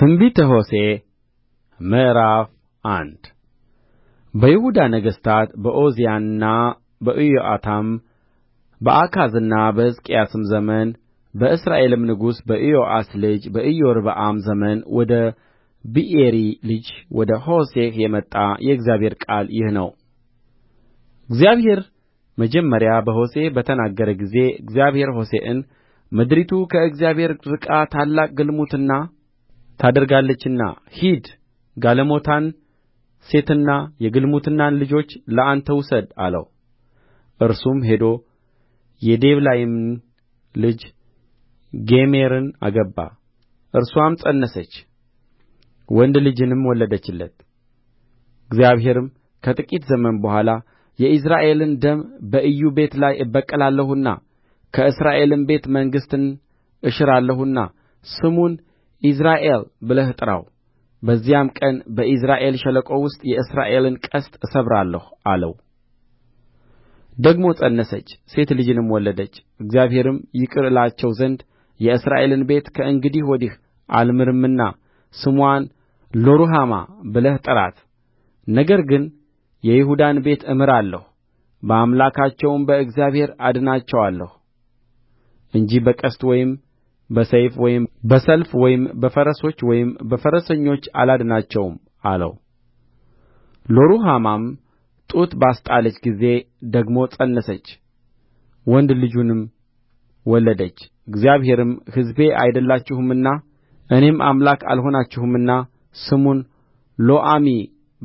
ትንቢተ ሆሴዕ ምዕራፍ አንድ በይሁዳ ነገሥታት በዖዝያንና በኢዮአታም በአካዝና በሕዝቅያስም ዘመን በእስራኤልም ንጉሥ በኢዮአስ ልጅ በኢዮርብዓም ዘመን ወደ ብኤሪ ልጅ ወደ ሆሴዕ የመጣ የእግዚአብሔር ቃል ይህ ነው። እግዚአብሔር መጀመሪያ በሆሴዕ በተናገረ ጊዜ እግዚአብሔር ሆሴዕን ምድሪቱ ከእግዚአብሔር ርቃ ታላቅ ግልሙትና ታደርጋለችና ሂድ ጋለሞታን ሴትና የግልሙትናን ልጆች ለአንተ ውሰድ አለው እርሱም ሄዶ የዴቤላይምን ልጅ ጎሜርን አገባ እርስዋም ፀነሰች ወንድ ልጅንም ወለደችለት እግዚአብሔርም ከጥቂት ዘመን በኋላ የኢይዝራኤልን ደም በኢዩ ቤት ላይ እበቀላለሁና ከእስራኤልም ቤት መንግሥትን እሽራለሁና ስሙን ኢይዝራኤል ብለህ ጥራው በዚያም ቀን በኢይዝራኤል ሸለቆ ውስጥ የእስራኤልን ቀስት እሰብራለሁ አለው ደግሞ ፀነሰች ሴት ልጅንም ወለደች እግዚአብሔርም ይቅር እላቸው ዘንድ የእስራኤልን ቤት ከእንግዲህ ወዲህ አልምርምና ስምዋን ሎሩሃማ ብለህ ጥራት ነገር ግን የይሁዳን ቤት እምራለሁ በአምላካቸውም በእግዚአብሔር አድናቸዋለሁ እንጂ በቀስት ወይም በሰይፍ ወይም በሰልፍ ወይም በፈረሶች ወይም በፈረሰኞች አላድናቸውም አለው ሎሩሃማም ጡት ባስጣለች ጊዜ ደግሞ ፀነሰች ወንድ ልጅንም ወለደች እግዚአብሔርም ሕዝቤ አይደላችሁምና እኔም አምላክ አልሆናችሁምና ስሙን ሎዓሚ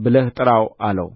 ብለህ ጥራው አለው